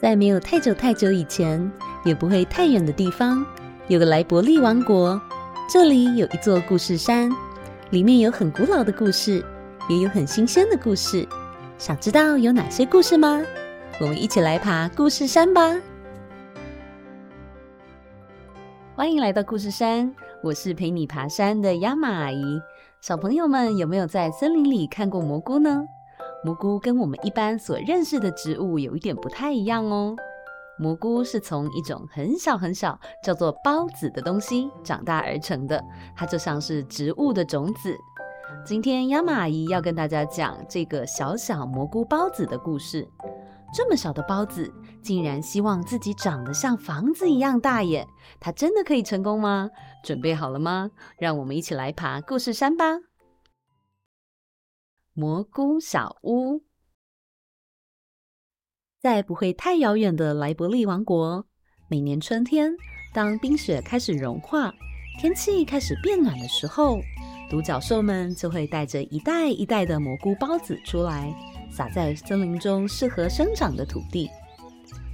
在沒有太久太久以前，也不會太遠的地方，有個萊伯利王國。這裡有一座故事山，裡面有很古老的故事，也有很新鮮的故事。想知道有哪些故事嗎？我們一起來爬故事山吧！歡迎來到故事山，我是陪你爬山的 Yama 阿姨。小朋友們，有沒有在森林裡看過蘑菇呢？蘑菇跟我們一般所認識的植物有一點不太一樣哦。蘑菇是從一種很小很小叫做孢子的東西長大而成的，它就像是植物的種子。今天 Yama 阿姨要跟大家講這個小小蘑菇孢子的故事。這麼小的孢子，竟然希望自己長得像房子一樣大耶！它真的可以成功嗎？準備好了嗎？讓我們一起來爬故事山吧！蘑菇小屋。在不會太遙遠的萊伯利王國，每年春天，當冰雪開始融化，天氣開始變暖的時候，獨角獸們就會帶着一袋一袋的蘑菇孢子出來，撒在森林中適合生長的土地。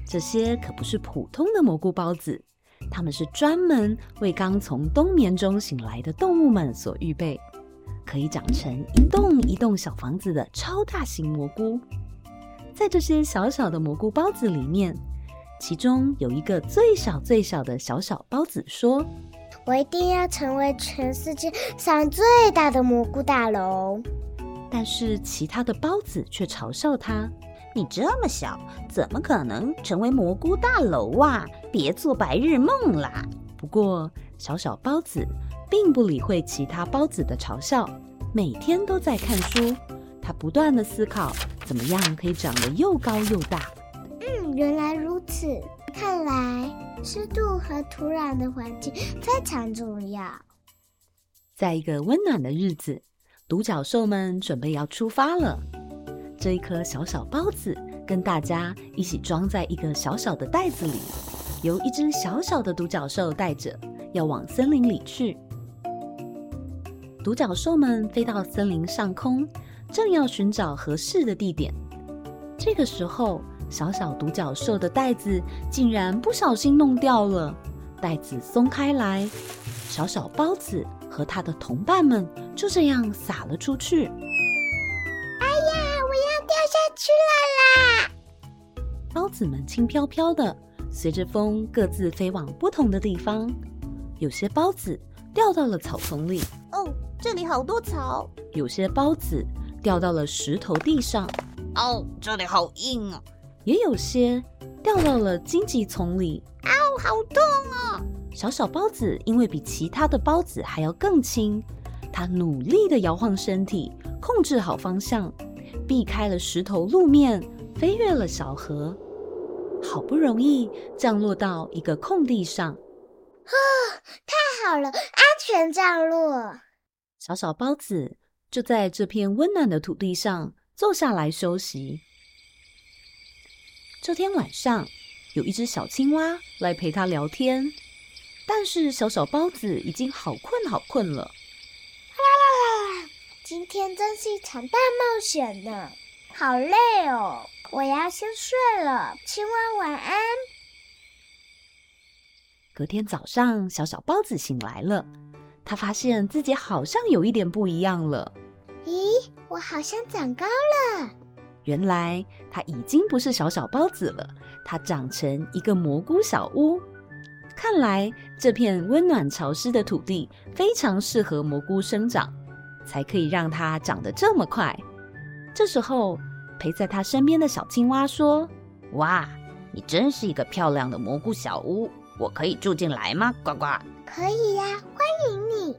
這些可不是普通的蘑菇孢子，它們是專門為剛從冬眠中醒來的動物們所預備。可以長成一棟一棟小房子的超大型蘑菇，在這些小小的蘑菇孢子裡面，其中有一個最小最小的小小孢子說：“我一定要成為全世界上最大的蘑菇大樓。”但是其他的孢子卻嘲笑他：“你這麼小，怎麼可能成為蘑菇大樓啊？別做白日夢啦！”不過，小小孢子，並不理會其他孢子的嘲笑，每天都在看書。他不斷的思考，怎麼樣可以長得又高又大。嗯，原來如此。看來濕度和土壤的環境非常重要。在一個溫暖的日子，獨角獸們準備要出發了。這一顆小小孢子跟大家一起裝在一個小小的袋子裡，由一隻小小的獨角獸帶着，要往森林裡去。獨角獸們飛到森林上空，正要尋找合適的地點。這個時候，小小獨角獸的袋子竟然不小心弄掉了，袋子鬆開來，小小孢子和他的同伴們就這樣撒了出去。哎呀，我要掉下去了啦！孢子們輕飄飄的，隨着風各自飛往不同的地方。有些孢子掉到了草叢裡。哦，這裡好多草。有些孢子掉到了石頭地上。哦，這裡好硬啊！也有些掉到了荊棘叢裡。哦，好痛哦！小小孢子因為比其他的孢子還要更輕，它努力的搖晃身體，控制好方向，避開了石頭路面，飛越了小河，好不容易降落到一個空地上。啊、哦，太好了，安全降落！小小孢子就在這片溫暖的土地上坐下來休息。這天晚上，有一隻小青蛙來陪它聊天，但是小小孢子已經好困好困了。啦啦啦啦，今天真是一場大冒險呢，好累哦！我要先睡了，青蛙晚安。隔天早上，小小孢子醒來了。他發現自己好像有一點不一樣了。咦，我好像長高了。原來他已經不是小小孢子了，他長成一個蘑菇小屋。看來這片溫暖潮濕的土地非常適合蘑菇生長，才可以讓它長得這麼快。這時候陪在他身邊的小青蛙說：“哇，你真是一個漂亮的蘑菇小屋，我可以住進來嗎？”呱呱，可以呀、啊。歡迎你！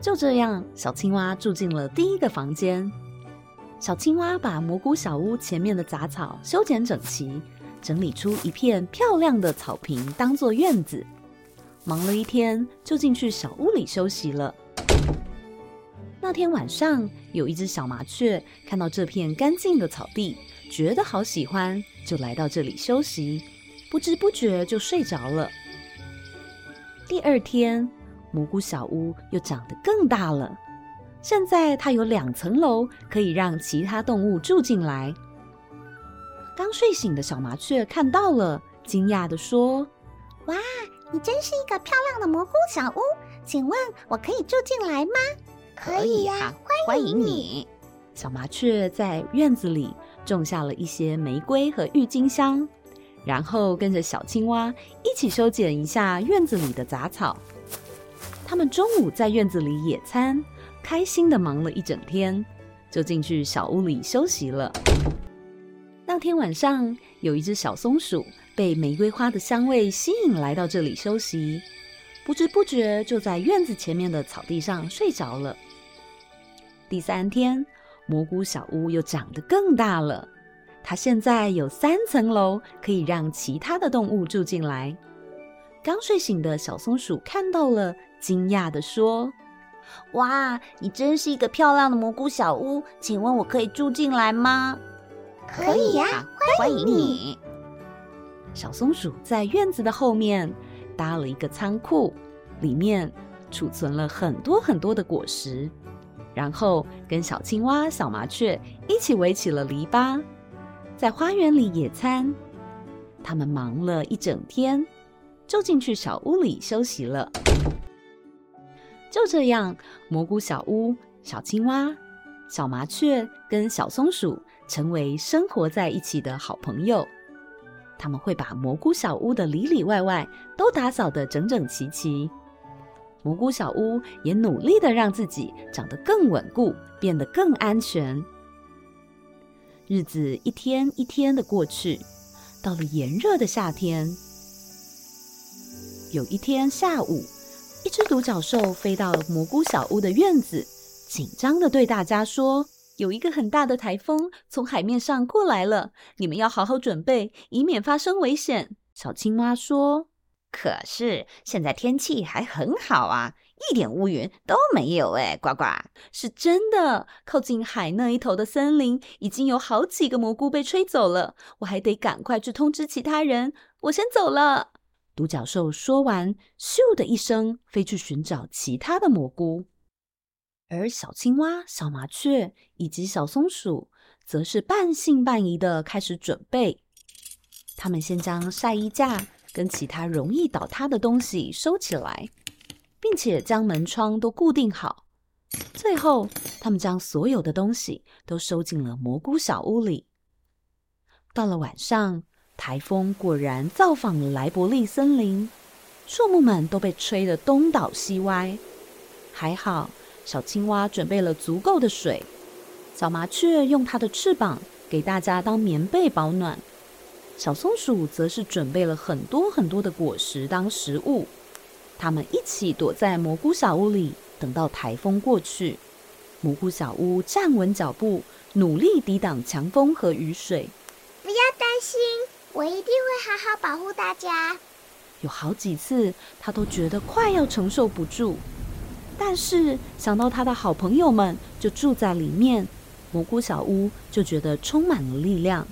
就這樣，小青蛙住進了第一個房間。小青蛙把蘑菇小屋前面的雜草修剪整齊，整理出一片漂亮的草坪當做院子。忙了一天，就進去小屋裡休息了。那天晚上，有一隻小麻雀看到這片乾淨的草地，覺得好喜歡，就來到這裡休息，不知不覺就睡着了。第二天，蘑菇小屋又長得更大了，現在它有兩層樓，可以讓其他動物住進來。剛睡醒的小麻雀看到了，驚訝地說：“哇，你真是一個漂亮的蘑菇小屋，請問我可以住進來嗎？”“可以呀、可以啊，歡迎你。歡迎你”小麻雀在院子裡種下了一些玫瑰和鬱金香，然後跟着小青蛙一起修剪一下院子裡的雜草。他們中午在院子裡野餐，開心的忙了一整天，就進去小屋裡休息了。 那天晚上，有一隻小松鼠被玫瑰花的香味吸引，來到這裡休息，不知不覺就在院子前面的草地上睡着了。第三天，蘑菇小屋又長得更大了，它現在有三層樓，可以讓其他的動物住進來。剛睡醒的小松鼠看到了，驚訝地說：“哇，你真是一個漂亮的蘑菇小屋，請問我可以住進來嗎？”“可以呀，可以啊，歡迎你！”小松鼠在院子的後面搭了一個倉庫，裡面儲存了很多很多的果實，然後跟小青蛙、小麻雀一起圍起了籬笆，在花園裡野餐。他們忙了一整天。就進去小屋裡休息了。就這樣，蘑菇小屋、小青蛙、小麻雀跟小松鼠成為生活在一起的好朋友。他們會把蘑菇小屋的裡裡外外都打掃得整整齊齊。蘑菇小屋也努力的讓自己長得更穩固，變得更安全。日子一天一天的過去，到了炎熱的夏天。有一天下午，一隻獨角獸飛到了蘑菇小屋的院子，緊張地對大家說：“有一個很大的台風從海面上過來了，你們要好好準備，以免發生危險。”小青蛙說：“可是現在天氣還很好啊，一點烏雲都沒有哎、欸。”呱呱，是真的。靠近海那一頭的森林已經有好幾個蘑菇被吹走了，我還得趕快去通知其他人。我先走了。獨角獸說完，咻的一聲飛去尋找其他的蘑菇，而小青蛙、小麻雀以及小松鼠則是半信半疑的開始準備。他們先將曬衣架跟其他容易倒塌的東西收起來，並且將門窗都固定好。最後，他們將所有的東西都收進了蘑菇小屋裡。到了晚上。颱風果然造訪了萊伯利森林，樹木們都被吹得東倒西歪。還好，小青蛙準備了足夠的水，小麻雀用它的翅膀給大家當棉被保暖，小松鼠則是準備了很多很多的果實當食物。它們一起躲在蘑菇小屋裡，等到颱風過去。蘑菇小屋站穩腳步，努力抵擋強風和雨水。不要擔心。我一定會好好保護大家。有好幾次，他都覺得快要承受不住，但是想到他的好朋友們就住在裡面，蘑菇小屋就覺得充滿了力量。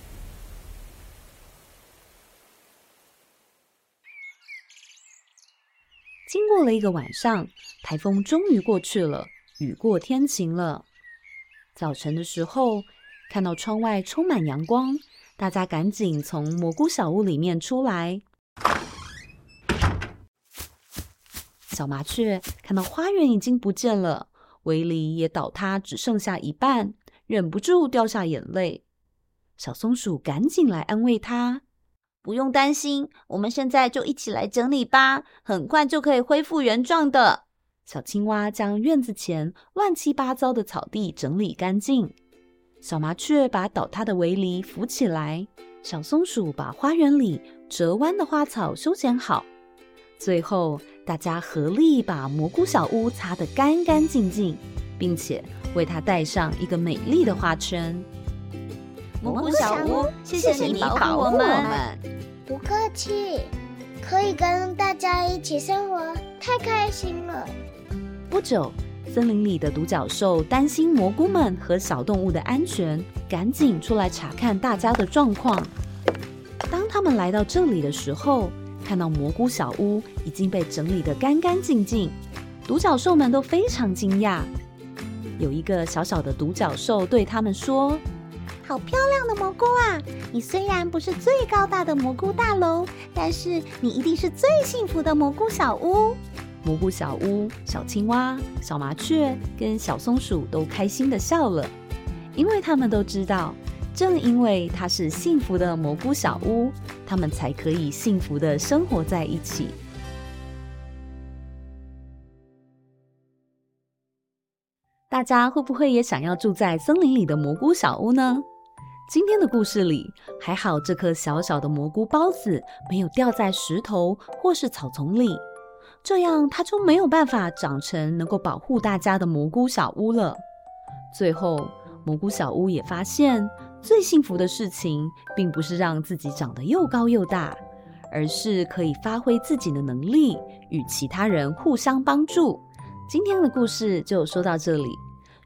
經過了一個晚上，台風終於過去了，雨過天晴了。早晨的時候，看到窗外充滿陽光。大家趕緊從蘑菇小屋裡面出來。小麻雀看到花園已經不見了，圍籬也倒塌只剩下一半，忍不住掉下眼淚。小松鼠趕緊來安慰它：“不用擔心，我們現在就一起來整理吧，很快就可以恢復原狀的。”小青蛙將院子前亂七八糟的草地整理乾淨。小麻雀把倒塌的圍籬扶起來，小松鼠把花園裡折彎的花草修剪好，最後大家合力把蘑菇小屋擦得乾乾淨淨，並且為它戴上一個美麗的花圈。蘑菇小屋，謝謝你保護我們。不客氣，可以跟大家一起生活，太開心了。不久。森林裡的獨角獸擔心蘑菇們和小動物的安全，趕緊出來查看大家的狀況。當他們來到這裡的時候，看到蘑菇小屋已經被整理得干干淨淨，獨角獸們都非常驚訝。有一個小小的獨角獸對他們說：“好漂亮的蘑菇啊！你雖然不是最高大的蘑菇大樓，但是你一定是最幸福的蘑菇小屋。”蘑菇小屋、小青蛙、小麻雀跟小松鼠都開心的笑了，因為他們都知道，正因為它是幸福的蘑菇小屋，他們才可以幸福的生活在一起。大家會不會也想要住在森林裡的蘑菇小屋呢？今天的故事裡，還好這顆小小的蘑菇孢子沒有掉在石頭或是草叢裡。這樣，它就沒有辦法長成能夠保護大家的蘑菇小屋了。最後，蘑菇小屋也發現，最幸福的事情，並不是讓自己長得又高又大，而是可以發揮自己的能力，與其他人互相幫助。今天的故事就說到這裡。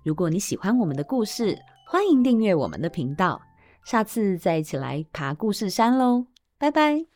如果你喜歡我們的故事，歡迎訂閱我們的頻道。下次再一起來爬故事山嘍，拜拜。